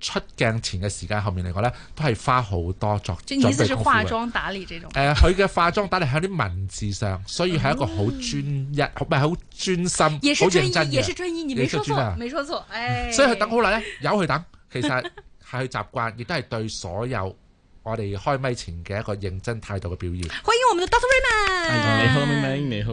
出鏡前嘅時間後面嚟講咧，都係花好多作準備功夫嘅。誒，佢嘅化妝打理喺啲、呃、文字上， 所以係一個好專一，唔係好專心，好認真嘅。也是專一，也是專一，你沒說錯，沒錯，哎、所以佢等好耐咧，由佢等，其實係佢習慣，亦都係對所有我哋開咪前嘅一個認真態度嘅表現。 歡迎我們嘅 Doctor Raymond，哎、呀你好，明明，你好。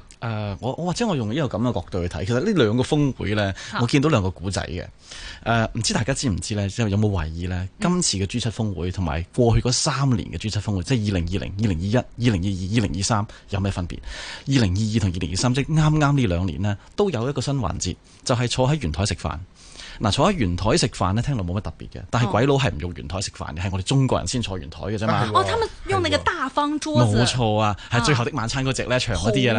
誒、呃，我我或者我用呢個咁嘅角度去睇，其實呢兩個峰會呢，我見到兩個故仔嘅。誒、呃，唔知大家知唔知呢？即係有冇懷疑呢？今次嘅 G 七峰會同埋過去嗰三年嘅 G 七峰會，即係二零二零、二零二一、二零二二、二零二三，有咩分別？二零二二同二零二三，即啱啱呢兩年呢，都有一個新環節，就係、是、坐喺圓台食飯。嗱、呃，坐喺圓台食飯呢，聽落冇乜特別嘅，但係鬼佬係唔用圓台食飯嘅，係、哦、我哋中國人先坐圓台嘅啫嘛。啊、哦，哦他用那大。冇錯啊，係、啊、最後的晚餐嗰隻咧長嗰啲嘢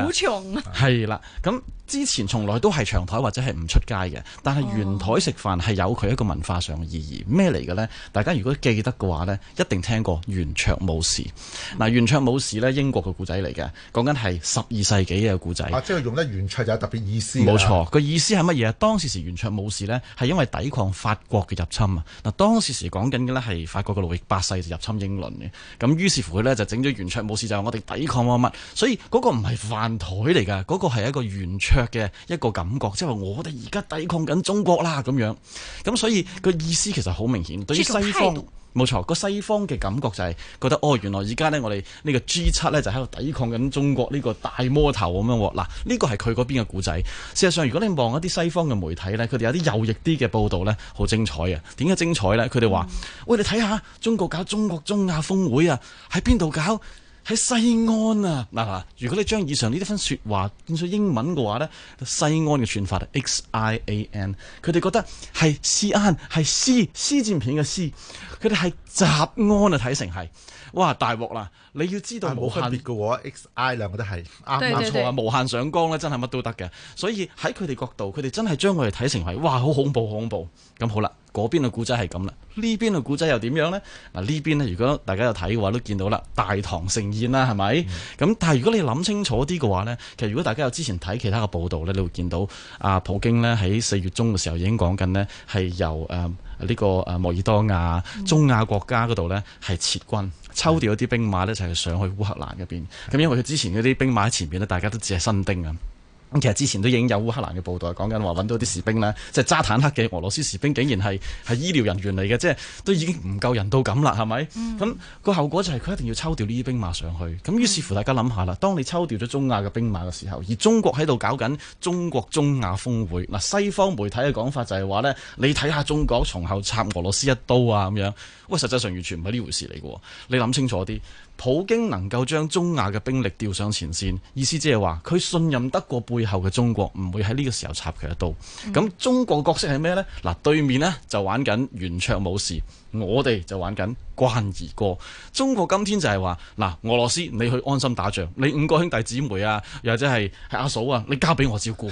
啦，係啦、啊，咁之前從來都係長台或者係唔出街嘅，但係圓台食飯係有佢一個文化上嘅意義，咩嚟嘅呢？大家如果記得嘅話呢，一定聽過圓桌武士。嗱，圓桌、嗯、武士呢，英國嘅故仔嚟嘅，講緊係十二世紀嘅故仔、啊，即係用得圓桌就有特別意思、啊。冇錯，個意思係乜嘢？當時時圓桌武士呢，係因為抵抗法國嘅入侵啊！嗱，當時時講緊嘅呢，係法國嘅路易八世入侵英倫嘅，咁於是乎佢呢就整。嘅圓桌武士就係我哋抵抗乜乜，所以嗰個唔係飯台嚟㗎，嗰、那個係一個圓桌嘅一個感覺，即係話我哋而家抵抗緊中國啦咁樣，咁所以個意思其實好明顯，對於西方。冇錯，個西方嘅感覺就係覺得，哦，原來而家呢，我哋呢個 G 七呢，就喺度抵抗緊中國呢個大魔頭咁樣喎。嗱、啊，呢個係佢嗰邊嘅故仔。事實上，如果你望一啲西方嘅媒體呢，佢哋有啲右翼啲嘅報導呢，好精彩嘅。點解精彩呢？佢哋話，嗯、喂，你睇下中國搞中國中亞峰會啊，喺邊度搞？喺西安啊。嗱嗱，如果你將以上呢啲分説話變咗英文嘅話咧，西安嘅串法 X I A N，佢哋覺得係西安係絲絲戰片嘅絲，佢哋係集安啊睇成係，哇大鑊啦！你要知道冇、啊、分別嘅喎，X I 兩個都係啱唔啱錯啊，無限上綱咧真係乜都得嘅，所以喺佢哋角度，佢哋真係將我哋睇成係，哇好恐怖，好恐怖咁好啦。嗰邊嘅古仔係咁啦，呢邊嘅古仔又點樣呢？嗱呢邊呢，如果大家有睇嘅話，都見到啦，《大唐盛宴》啦，係咪、嗯？咁但係如果你諗清楚啲嘅話呢，其實如果大家有之前睇其他嘅報道呢，你會見到啊，普京呢，喺四月中嘅時候已經講緊呢，係由誒呢、啊呢個誒、啊、摩爾多亞、中亞國家嗰度呢，係撤軍，嗯、抽掉一啲兵馬呢，就係、係、上去烏克蘭嗰邊。咁的因為佢之前嗰啲兵馬喺前邊呢，大家都只係新丁。啊。咁其實之前都已經有烏克蘭嘅報道，講緊話揾到啲士兵呢，即係揸坦克嘅俄羅斯士兵，竟然係係醫療人員嚟嘅，即係都已經唔夠人道咁啦，係咪？咁個、嗯、後果就係佢一定要抽調呢啲兵馬上去。咁於是乎，大家諗下啦，當你抽調咗中亞嘅兵馬嘅時候，而中國喺度搞緊中國中亞峰會。嗱，西方媒體嘅講法就係話呢：「你睇下中國從後插俄羅斯一刀啊」咁樣。喂，實際上完全唔係呢回事嚟嘅，你諗清楚啲。普京能夠將中亞嘅兵力調上前線，意思即係話佢信任得過背後嘅中國，唔會喺呢個時候插佢一刀。咁、嗯、中國角色係咩呢？嗱，對面呢就玩緊圓桌武士，我哋就玩緊關二哥。中國今天就係話，嗱，俄羅斯你去安心打仗，你五個兄弟姊妹啊，又或者係阿嫂啊，你交俾我照顧。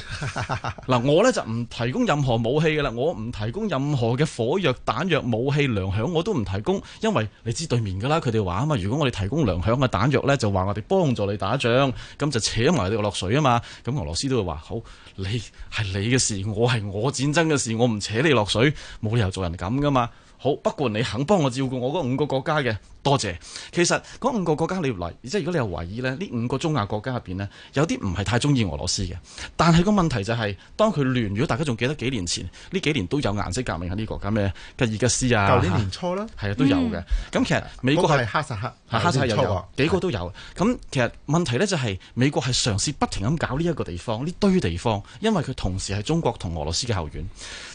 嗱， 我呢就唔提供任何武器嘅啦，我唔提供任何嘅火藥彈藥武器糧餉，我都唔提供，因為你知對面㗎啦，佢哋話啊嘛，如果我哋提供糧餉嘅彈藥呢，就話我哋幫助你打仗，咁就扯埋你落水啊嘛。咁俄羅斯都會話：好，你係你嘅事，我係我戰爭嘅事，我唔扯你落水，冇理由做人咁㗎嘛。好，不過你肯幫我照顧我嗰五個國家嘅。多謝。其實嗰五個國家你嚟，即係如果你有懷疑咧，呢五個中亞國家入邊呢，有啲唔係太中意俄羅斯嘅。但係個問題就係、是，當佢亂，如果大家仲記得幾年前呢幾年都有顏色革命喺呢、這個國家咩吉爾吉斯啊？舊年年初啦，係都有嘅。咁、嗯、其實美國係哈薩克，哈薩克也有幾個都有。咁是、嗯、其實問題呢就係、是，美國係嘗試不停咁搞呢一個地方，呢堆是地方，因為佢同時係中國同俄羅斯嘅後院。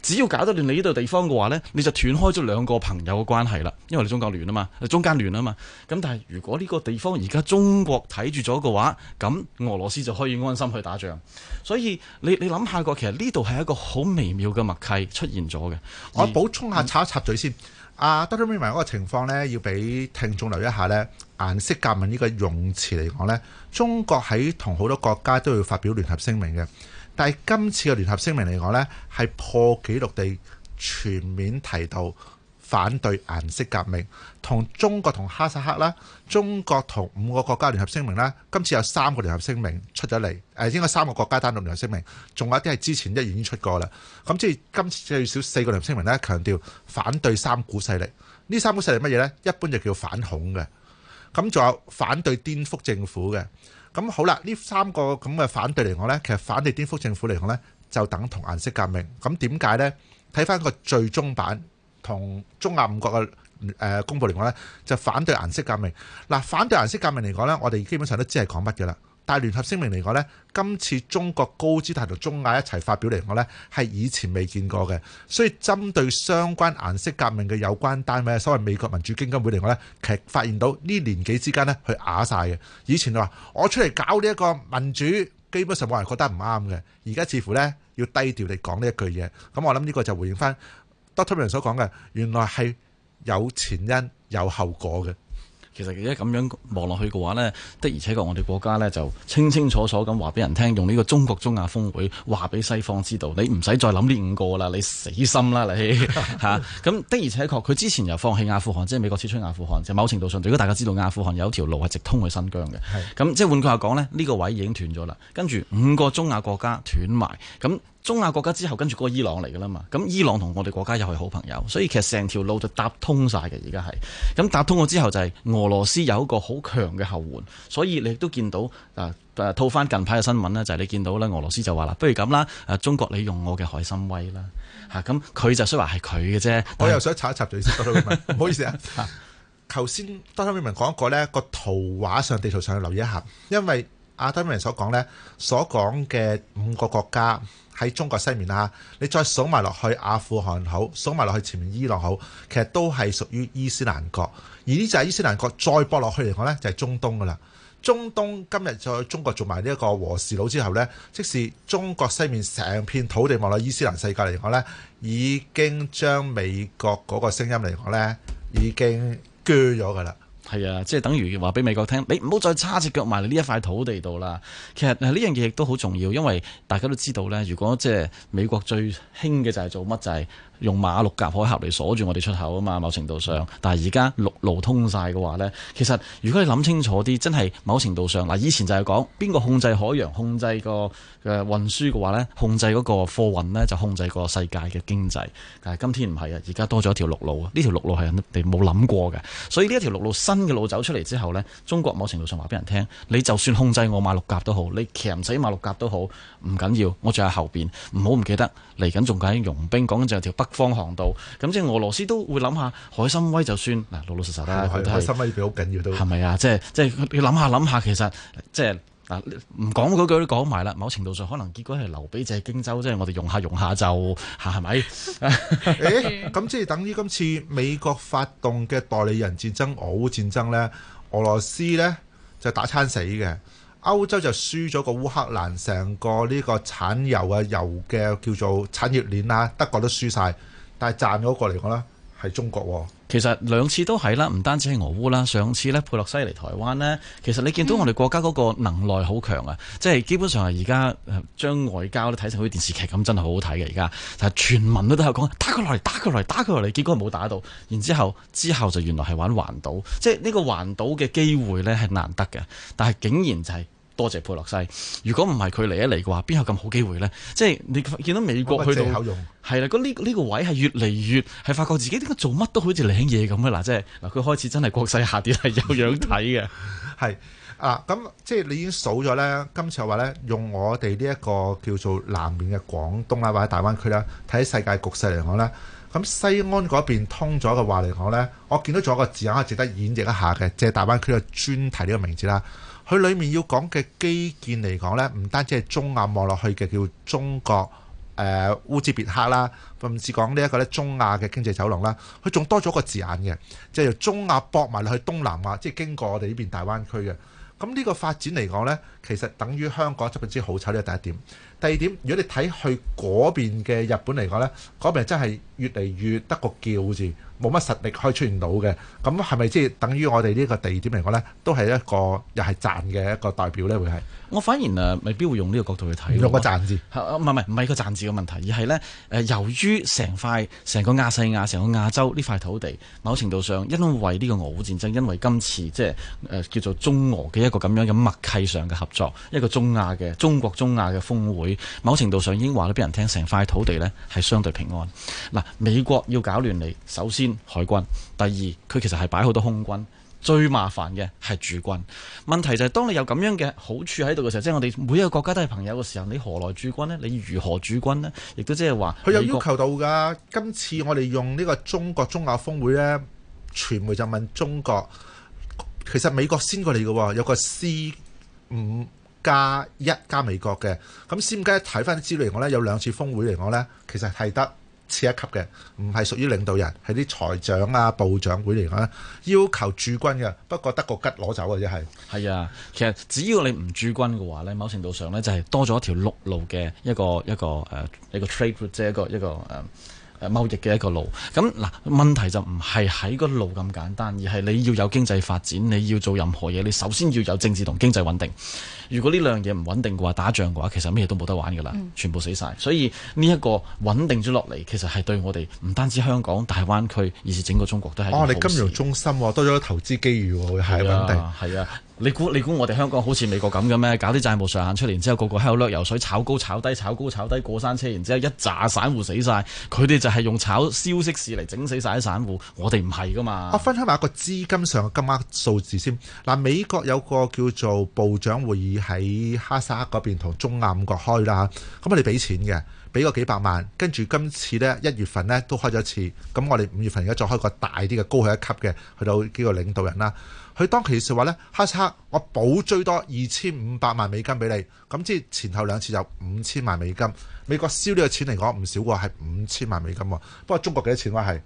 只要搞得亂你呢度地方嘅話呢，你就斷開咗兩個朋友嘅關係啦，因為你中國亂啊嘛，中間。亂啊嘛！咁但係如果呢個地方而家中國睇住咗嘅話，咁俄羅斯就可以安心去打仗。所以你你諗下個，其實呢度係一個好微妙嘅默契出現咗嘅。而我補充下、嗯、插一插嘴先，阿多多米文嗰個情況呢，要俾聽眾留一下呢。顏色革命個詞呢個用詞嚟講呢，中國喺同好多國家都要發表聯合聲明嘅，但係今次嘅聯合聲明嚟講呢係破紀錄地全面提到。反對顏色革命，同中國同哈薩克啦，中國同五個國家聯合聲明啦。今次有三個聯合聲明出咗嚟，誒，應該三個國家單獨聯合聲明，仲有啲係之前一已經出過啦。咁即係今次最少四個聯合聲明咧，強調反對三股勢力。呢三股勢力乜嘢咧？一般就叫反恐嘅，咁仲有反對顛覆政府嘅。咁好啦，呢三個咁嘅反對嚟講咧，其實反對顛覆政府嚟講咧，就等同顏色革命。咁點解咧？睇返個最終版。同中亞五國嘅誒公佈嚟講呢，就反對顏色革命。嗱，反對顏色革命嚟講呢，我哋基本上都知係講乜嘅啦。但係聯合聲明嚟講呢，今次中國高姿態同中亞一齊發表嚟講呢，係以前未見過嘅。所以針對相關顏色革命嘅有關單位，所謂美國民主基金會嚟講呢，其實發現到呢年紀之間呢，佢啞晒嘅。以前就話我出嚟搞呢一個民主，基本上冇人覺得唔啱嘅。而家似乎呢，要低調地講呢一句嘢。咁我諗呢個就回應翻。doctor 人所講嘅，原來係有前因有後果嘅。其實而家咁樣望落去嘅話呢，的而且確我哋國家呢就清清楚楚咁話俾人聽，用呢個中國中亞峯會話俾西方知道，你唔使再諗呢五個啦，你死心啦你嚇。咁、 啊、的而且確，佢之前又放棄阿富汗，即係美國撤出阿富汗，就是、某程度上，如果大家知道阿富汗有條路係直通去新疆嘅，咁是即係換句話講呢，呢、呢個位已經斷咗啦。跟住五個中亞國家斷埋咁。中亞國家之後跟住嗰個伊朗嚟噶啦嘛，咁伊朗同我哋國家又係好朋友，所以其實成條路就搭通晒嘅。而家係咁搭通咗之後就係俄羅斯有一個好強嘅後援，所以你都見到誒誒、啊，套翻近排嘅新聞咧，就係、是、你見到咧，俄羅斯就話啦，不如咁啦，誒，中國你用我嘅海參崴啦吓，咁佢就雖話係佢嘅啫，我又想插一插嘴先嗰，唔好意思啊。頭先阿 Tommy 文講過呢個圖畫上地圖上去留意一下，因為阿 Tommy 文所講呢，所講嘅五個國家。喺中國西面啦，你再數埋落去阿富汗好，數埋落去前面伊朗好，其實都係屬於伊斯蘭國。而呢就係伊斯蘭國再博落去嚟講呢就係、是、中東噶啦。中東今日喺中國做埋呢一個和事佬之後呢，即係中國西面成片土地望落伊斯蘭世界嚟講呢，已經將美國嗰個聲音嚟講呢已經鋸咗噶啦。係啊，即係等於話俾美國聽，嗯、你唔好再叉隻腳埋嚟呢一塊土地度啦。其實呢樣嘢亦都好重要，因為大家都知道呢，如果即係美國最興嘅就係做乜就係、是。用馬六甲海峽嚟鎖住我哋出口啊嘛，某程度上。但係而家陸路通晒嘅話呢，其實如果你諗清楚啲，真係某程度上嗱，以前就係講邊個控制海洋、控制個誒運輸嘅話呢，控制嗰個貨運呢，就控制個世界嘅經濟。但係今天唔係啊，而家多咗一條陸路啊，呢條陸路係人哋冇諗過嘅。所以呢一條陸路新嘅路走出嚟之後呢，中國某程度上話俾人聽，你就算控制我馬六甲都好，你強唔死馬六甲都好，唔緊要，我仲喺後邊。唔好唔記得，嚟緊仲緊融冰，講緊就係條北北方航道，咁，即係俄羅斯都會諗下海參崴就算嗱，老老實實啦。的海參崴要好緊要都係咪啊？即係即係你諗下諗下，其實即係嗱，唔講嗰句都講埋啦。某程度上可能結果係劉備借荊州，即係我哋用下用下就吓係咪？誒，咁、 欸、即係等於今次美國發動嘅代理人戰爭，俄烏戰爭咧，俄羅斯咧就打餐死嘅。歐洲就輸咗個烏克蘭成個呢個產油嘅、啊、油嘅叫做產業鏈啦、啊，德國都輸晒，但係賺咗個嚟講呢係中國、啊。其實兩次都係啦，唔單止係俄烏啦，上次呢，佩洛西嚟台灣呢，其實你見到我哋國家嗰個能耐好強啊，即係基本上係而家將外交都睇成好似電視劇咁，真係好好睇嘅而家。但係全民都都有講打佢落嚟，打佢落嚟，打佢落嚟,嚟,嚟，結果冇打到，然之後之後就原來係玩環島，即係呢個環島嘅機會呢係難得嘅，但係竟然就係、是。多謝佩洛西。如果唔係佢嚟一嚟嘅話，邊有咁好機會咧？即係你見到美國去到係啦，咁呢呢個位係越嚟越係發覺自己點解做乜都好似領嘢咁嘅嗱，即係嗱，佢開始真係國勢下跌係有樣睇嘅。係 啊，咁即係你已經數咗咧。今次我話咧，用我哋呢一個叫做南面嘅廣東啦，或者大灣區啦，睇世界局勢嚟講咧，咁西安嗰邊通咗嘅話嚟講咧，我見到咗有一個字眼係值得演繹一下嘅，即係大灣區嘅專題呢個名字啦。佢裏面要講嘅基建嚟講呢，唔單止係中亞望落去嘅叫中國誒、呃、烏茲別克啦，甚至講呢一個呢中亞嘅經濟走廊啦，佢仲多咗一個字眼嘅，即、就、係、是、中亞駁埋落去東南亞，即係經過我哋呢邊大灣區嘅。咁呢個發展嚟講呢，其實等於香港執變之好醜呢個第一點。第二點，如果你睇去嗰邊嘅日本嚟講呢，嗰邊真係越嚟越得個叫字。冇乜實力可以出現到嘅，咁係咪即係等於我哋呢個地點嚟講呢？都係一個又係賺嘅一個代表呢，會係？我反而啊，未必會用呢個角度去睇。用個賺字嚇，唔係唔係個賺字，唔係唔係唔係個賺字嘅問題，而係呢，誒，由於成塊成個亞細亞、成個亞洲呢塊土地，某程度上因為呢個俄烏戰爭，因為今次即係誒叫做中俄嘅一個咁樣嘅默契上嘅合作，一個中亞嘅中國中亞嘅峰會，某程度上已經話咗俾人聽，成塊土地呢係相對平安。嗱，美國要搞亂嚟，首先海軍，第二佢其實係擺好多空軍。最麻煩嘅係駐軍，問題就係當你有咁樣嘅好處喺度嘅時候，即係我哋每一個國家都係朋友嘅時候，你何來駐軍呢？你如何駐軍呢？亦都即係話，佢有要求到㗎。今次我哋用呢個中國中亞峰會呢，傳媒就問中國，其實美國先過嚟嘅喎，有個 C 五加一加美國嘅，咁 C 五加一睇返資料嚟講呢，有兩次峰會嚟講呢，其實係得。次一級嘅，唔係屬於領導人，係啲財長啊、部長會嚟講，要求駐軍嘅。不過得個吉攞走嘅啫，係。係啊，其實只要你唔駐軍嘅話咧，某程度上咧就係多咗一條陸路嘅一個一個誒、呃、一個 trade 即係一個一個誒。呃誒貿易嘅一個路，咁嗱，問題就唔係喺個路咁簡單，而係你要有經濟發展，你要做任何嘢，你首先要有政治同經濟穩定。如果呢兩樣嘢唔穩定嘅話，打仗嘅話，其實咩都冇得玩㗎啦，嗯、全部死晒。所以呢一個穩定咗落嚟，其實係對我哋唔單止香港、大灣區，而是整個中國都係。哦，你金融中心、啊、多咗投資機遇、啊，係穩定，係啊。你估你估我哋香港好似美國咁嘅咩？搞啲債務上限出嚟，然之後個個喺度掠油水，炒高炒低，炒高炒低過山車，然之後一炸散戶死晒。佢哋就係用炒消息市嚟整死晒啲散戶。我哋唔係噶嘛。我分享埋一個資金上嘅金額數字先。嗱，美國有個叫做部長會議喺哈薩克嗰邊同中亞五國開啦。咁我哋俾錢嘅，俾個幾百萬。跟住今次呢，一月份咧都開咗一次。咁我哋五月份而家再開個大啲嘅高級一級嘅，去到幾個領導人啦。佢當其時話呢，哈薩克我補最多二千五百萬美金俾你，咁即係前後兩次就五千萬美金。美國燒呢個錢嚟講唔少喎，係五千萬美金喎。不過中國幾多錢話係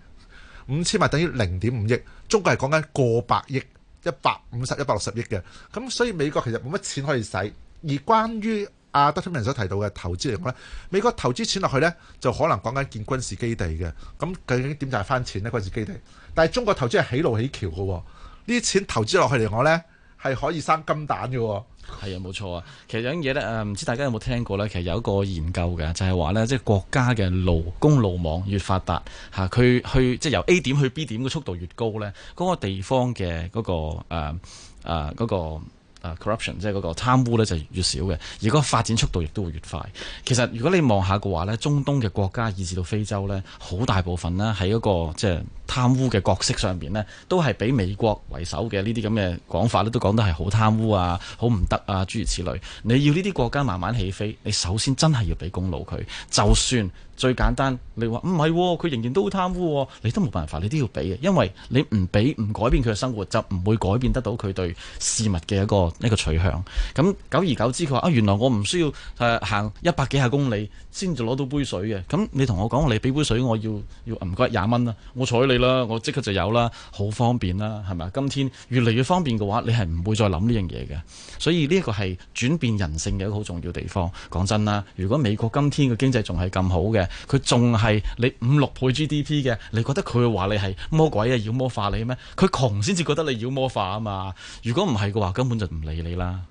五千萬，等於零點五億。中國係講緊過百億，一百五十、一百六十億嘅。咁所以美國其實冇乜錢可以使。而關於阿德通人所提到嘅投資嚟講咧，美國投資錢落去呢，就可能講緊建軍事基地嘅。咁究竟點就係翻錢呢？軍事基地。但係中國投資係起路起橋嘅喎、哦。呢啲錢投資落去嚟，我咧係可以生金蛋嘅喎。係啊，冇錯啊。其實有樣嘢咧，誒唔知大家有冇聽過咧？其實有一個研究嘅，就係話咧，即係國家嘅公路網越發達嚇，佢去即係由 A 點去 B 點嘅速度越高咧，嗰、嗰個地方嘅嗰個誒誒嗰個。呃呃那個啊、c o r r u p t i o n 即係嗰、那個貪污咧，就越少嘅；而嗰個發展速度亦都會越快。其實如果你望下嘅話呢，中東嘅國家以至到非洲呢，好大部分呢喺嗰、那個即係貪污嘅角色上邊呢，都係比美國為首嘅呢啲咁嘅講法呢，都講得係好貪污啊，好唔得啊，諸如此類。你要呢啲國家慢慢起飛，你首先真係要俾公路佢，就算。最簡單，你話唔係佢仍然都好貪污、哦，你都冇辦法，你都要俾嘅，因為你唔俾唔改變佢嘅生活，就唔會改變得到佢對事物嘅一個一個取向。咁久而久之，佢話啊，原來我唔需要誒、啊、行一百幾下公里先至攞到杯水嘅。咁你同我講，你俾杯水我、啊，我要要唔該廿蚊啦，我睬你啦，我即刻就有啦，好方便啦、啊，係咪？今天越嚟越方便嘅話，你係唔會再諗呢樣嘢嘅。所以呢個係轉變人性嘅一個好重要地方。講真啦，如果美國今天嘅經濟仲係咁好嘅。佢仲係你五六倍 GDP 嘅，你覺得佢話你係魔鬼啊？妖魔化你咩？佢窮先至覺得你妖魔化啊嘛！如果唔係嘅話，根本就唔理你啦。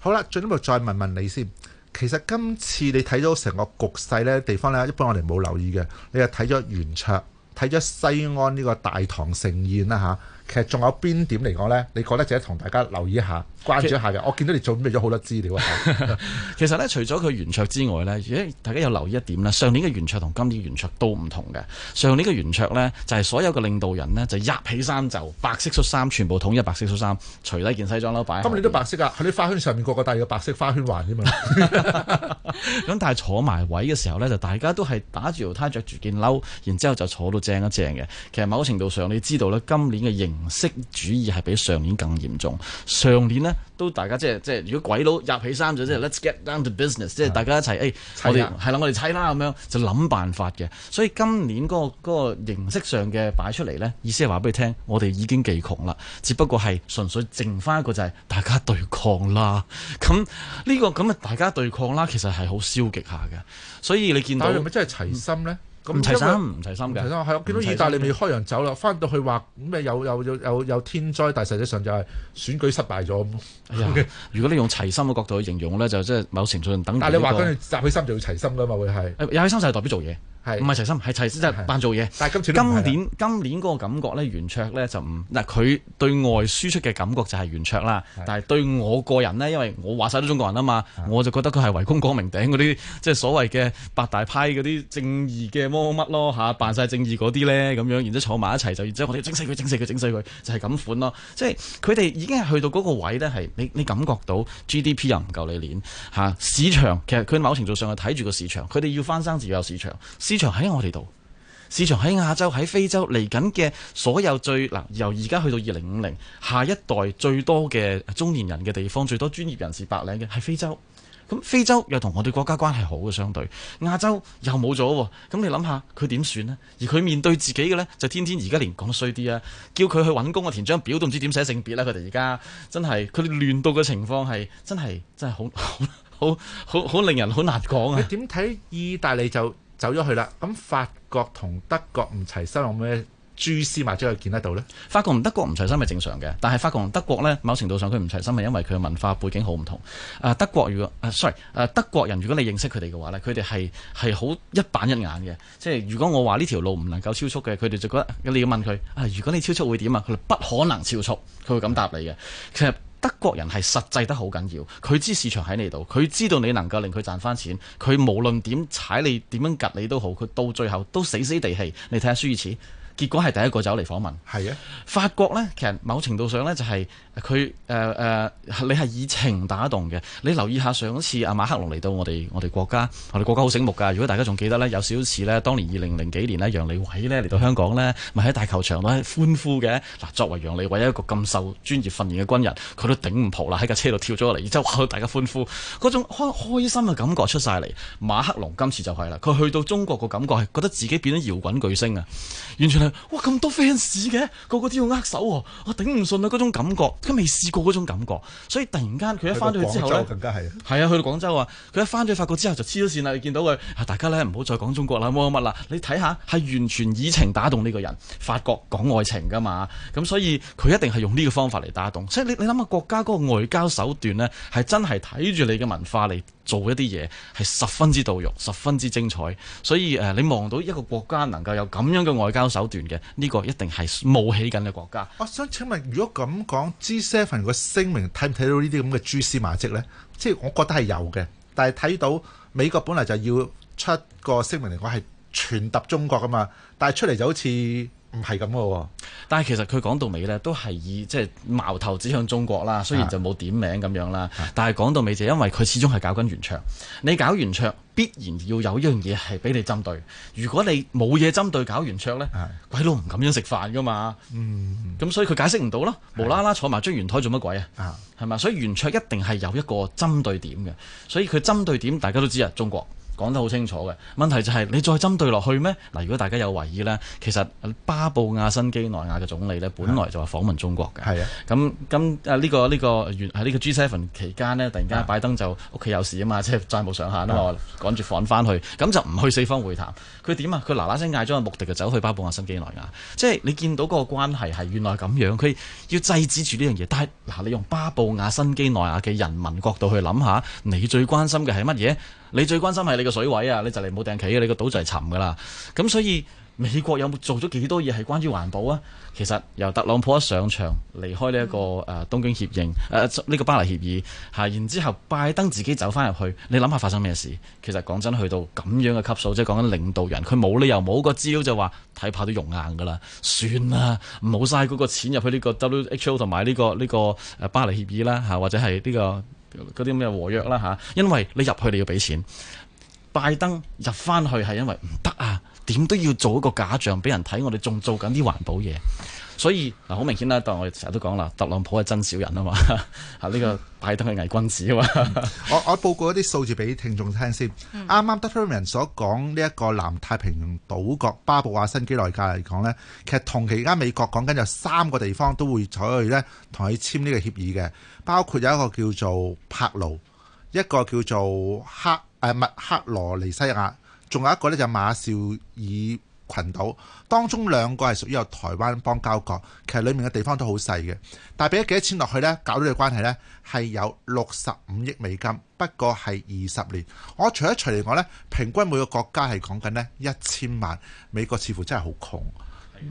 好啦，最呢度再問問你先。其實今次你睇咗成個局勢呢地方呢，一般我哋冇留意嘅，你又睇咗圓桌，睇咗西安呢個大唐盛宴啦嚇。其實仲有邊點嚟講呢？你覺得值得同大家留意一下、關注一下嘅。實我見到你準備咗好多資料。 其實呢，除咗佢圓桌之外呢，如果大家有留意一點咧，上年嘅圓桌同今年圓桌都唔同嘅。上年嘅圓桌呢，就係、是、所有嘅領導人呢，就一起衫袖，白色恤衫，全部統一白色恤衫，除低件西裝褸擺。今年都白色啊！喺啲花圈上面個個戴個白色花圈環啫嘛。咁 但係坐埋位嘅時候呢，就大家都係打住條呔，着住件褸，然之後就坐到正一正嘅。其實某程度上，你知道咧，今年嘅形式主義係比上年更嚴重，上年呢，都大家即係即係，如果鬼佬入起衫咗，即係 Let's get down to business，即係的大家一齊，哎，我哋係啦，我哋砌啦咁樣，就諗辦法嘅。所以今年嗰、嗰個形式上嘅擺出嚟呢，意思係話俾你聽，我哋已經技窮啦，只不過係純粹剩翻一個就係大家對抗啦。咁呢、呢個咁嘅大家對抗啦，其實係好消極下嘅。所以你見到，但係咪真係齊心呢？咁唔齊心，唔齊心嘅，係是我見到意大利未開人走啦，翻到去話咩有有有有有天災，但實際上就係選舉失敗咗。係、哎、呀 如果你用齊心嘅角度去形容咧，就即係某程度上等、這個。但你話緊集起心就要齊心噶嘛，會係有起心就係代表做嘢。係唔係齊心？係齊心就扮做嘢。是是但係今年今年嗰個感覺咧，圓桌咧就唔嗱，佢對外輸出嘅感覺就係圓桌啦。的但係對我個人咧，因為我話晒都中國人啊嘛，的我就覺得佢係圍攻光明頂嗰啲，即係所謂嘅八大派嗰啲正義嘅魔乜咯嚇，扮晒正義嗰啲咧咁樣，然之後坐埋一齊就，然之後我哋整死佢，整死佢，整死佢，就係咁款咯。即係佢哋已經係去到嗰個位咧，係你你感覺到 GDP 又唔夠你攣嚇、啊、市場，其實佢某程度上係睇住個市場，佢哋要翻生自有市場。市場喺我哋度，市場喺亞洲，喺非洲嚟緊嘅所有最嗱、呃、由而家去到二零五零，下一代最多嘅中年人嘅地方，最多專業人士、白領嘅係非洲。咁非洲又同我哋國家關係好嘅相對，亞洲又冇咗。咁你諗下佢點算呢？而佢面對自己嘅呢，就天天而家連講都衰啲啊！叫佢去揾工啊，填張表都唔知點寫性別啦。佢哋而家真係佢哋亂到嘅情況係真係真係好好好好好令人好難講啊！你點睇意大利就？走咗去啦。咁法國同德國唔齊心，有咩蛛絲馬跡可以見得到呢？法國同德國唔齊心係正常嘅，但係法國同德國呢，某程度上佢唔齊心係因為佢嘅文化背景好唔同。啊，德國如果啊，sorry，啊，德國人如果你認識佢哋嘅話呢，佢哋係係好一板一眼嘅。即係如果我話呢條路唔能夠超速嘅，佢哋就覺得你要問佢啊。如果你超速會點啊？佢不可能超速，佢會咁答你嘅。其實。德國人係實際得好緊要，佢知市場喺你度，佢知道你能夠令佢賺返錢，佢無論點踩你、點樣夾你都好，佢到最後都死死地氣。你睇下舒爾茨。結果係第一個走嚟訪問，係啊的！法國呢，其實某程度上呢，就係佢誒誒，你係以情打動嘅。你留意下上次阿馬克龍嚟到我哋我哋國家，我哋國家好醒目㗎。如果大家仲記得呢，有少少似呢，當年二零零幾年呢，楊利偉呢嚟到香港呢，咪喺大球場度係歡呼嘅。嗱，作為楊利偉一個咁受專業訓練嘅軍人，佢都頂唔蒲啦，喺架車度跳咗落嚟，然之後大家歡呼，嗰種開開心嘅感覺出晒嚟。馬克龍今次就係啦，佢去到中國個感覺係覺得自己變咗搖滾巨星啊，完全。哇！咁多 fans 嘅，個個都要握手喎、啊，我頂唔順啦，嗰種感覺，佢未試過嗰種感覺，所以突然間佢一翻到去之後咧，更加係，係啊，去到廣州啊，佢一翻咗去法國之後就黐咗線啦，你見到佢，大家咧，唔好再講中國啦，唔好乜啦，你睇下係完全以情打動呢個人，法國講愛情噶嘛，咁所以佢一定係用呢個方法嚟打動，所以你你諗下國家嗰個外交手段咧，係真係睇住你嘅文化嚟。做一啲嘢係十分之到肉，十分之精彩。所以誒、呃，你望到一個國家能夠有咁樣嘅外交手段嘅，呢、這個一定係冒起緊嘅國家。我想請問，如果咁講，G7 個聲明睇唔睇到呢啲咁嘅蛛絲馬跡呢？即係我覺得係有嘅，但係睇到美國本嚟就要出個聲明嚟講係傳達中國噶嘛，但係出嚟就好似。唔係咁喎，哦、但係其實佢講到尾呢，都係以即係、就是、矛頭指向中國啦。雖然就冇點名咁樣啦，是的 但係講到尾就因為佢始終係搞緊圓桌，你搞圓桌必然要有一樣嘢係俾你針對。如果你冇嘢針對搞圓桌呢，是的 鬼佬唔咁樣食飯噶嘛。嗯，咁所以佢解釋唔到咯。無啦啦坐埋張圓台做乜鬼啊？係嘛？所以圓桌一定係有一個針對點嘅，所以佢針對點大家都知啊，中國。講得好清楚嘅問題就係你再針對落去咩？嗱，如果大家有懷疑呢，其實巴布亞新幾內亞嘅總理呢，本來就係訪問中國嘅。係啊的，咁今啊呢個呢、呢個原係呢、呢個 G7 期間呢，突然間拜登就屋企有事啊嘛，即係債務上下啦嘛，的趕住返翻去，咁就唔去四方會談。佢點啊？佢嗱嗱聲嗌咗個目的就走去巴布亞新幾內亞，即係你見到嗰個關係係原來咁樣。佢要制止住呢樣嘢，但係嗱，你用巴布亞新幾內亞嘅人民角度去諗下，你最關心嘅係乜嘢？你最關心係你個水位啊！你就嚟冇掟企啊！你個島就嚟沉噶啦！咁所以美國有冇做咗幾多嘢係關於環保啊？其實由特朗普一上場離開呢一個誒東京協議誒呢、嗯啊這個巴黎協議嚇、啊，然之後拜登自己走翻入去，你諗下發生咩事？其實講真，去到咁樣嘅級數，即係講緊領導人，佢冇理由冇個資料就話睇怕都融硬噶啦，算啦，冇晒嗰個錢入去呢個 WHO 同埋、這、呢個呢、這個誒巴黎協議啦嚇、啊，或者係呢、這個。嗰啲咩和約啦吓，因為你入去你要俾錢。拜登入翻去係因為唔得啊，點都要做一個假象俾人睇，我哋仲做緊啲環保嘢。所以嗱，好明顯啦，當我哋成日都講啦，特朗普係真小人啊嘛，嚇呢、這個拜登係偽君子啊嘛。嗯、 我我報告一啲數字俾聽眾先聽先。啱啱、嗯、德芬人所講呢一個南太平洋島國巴布亞新幾內亞嚟講咧，其實同期而家美國講緊有三個地方都會採去咧同佢簽呢個協議嘅，包括有一個叫做帕勞，一個叫做克誒、啊、麥克羅尼西亞，仲有一個咧就馬紹爾。群島當中兩個係屬於有台灣邦交國，其實裡面嘅地方都好細嘅，但係俾咗幾多錢落去呢？搞呢個關係呢，係有六十五億美金，不過係二十年。我除一除嚟講呢，平均每個國家係講緊呢一千萬。美國似乎真係好窮，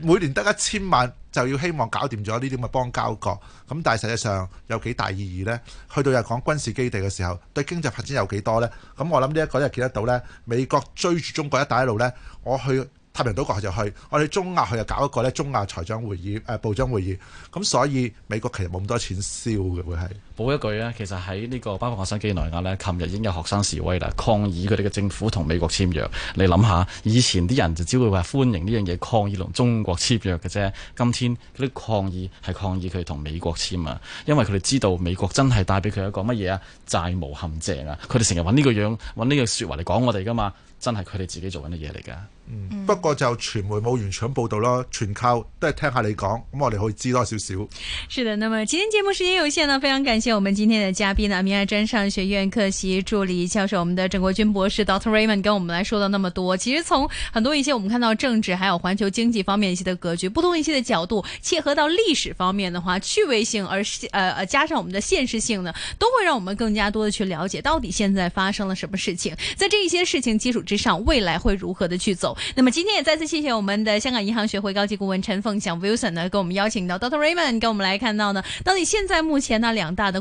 每年得一千萬就要希望搞掂咗呢啲咁嘅邦交國。咁但係實際上有幾大意義呢？去到又講軍事基地嘅時候，對經濟發展有幾多呢？咁我諗呢一個又見得到呢。美國追住中國一帶一路呢，我去。太平島佢就去，我哋中亞佢就搞一個咧，中亞財長會議誒、呃、部長會議，咁所以美國其實冇咁多錢燒嘅，會係。好一句咧，其實喺呢、這個包括學生幾內亞呢，琴日已經有學生示威啦，抗議佢哋嘅政府同美國簽約。你諗下，以前啲人就只會話歡迎呢樣嘢，抗議同中國簽約嘅啫。今天嗰啲抗議係抗議佢同美國簽啊，因為佢哋知道美國真係帶俾佢一個乜嘢啊，債務陷阱啊。佢哋成日揾呢個樣揾呢個説話嚟講我哋噶嘛，真係佢哋自己做緊嘅嘢嚟噶。嗯、不過就傳媒冇完全報道咯，全靠都係聽下你講，咁我哋可以知多少少。是的，那麼今天節目時間有限呢，非常感謝。我們今天的嘉賓呢，明愛專上學院客席助理教授，我們的鄭國鈞博士，Dr. Raymond，跟我們來說了那麼多。其實從很多一些我們看到政治，還有環球經濟方面一些的格局，不同一些的角度，切合到歷史方面的話，趣味性，而係，呃，呃，加上我們的現實性呢，都會讓我們更加多的去了解到底現在發生了什麼事情。在這一些事情基礎之上，未來會如何的去走？那麼今天也再次謝謝我們的香港銀行學會高級顧問陳鳳翔 Wilson 呢，跟我們邀請到 Dr. Raymond，跟我們來看到呢，到底現在目前呢，兩大的。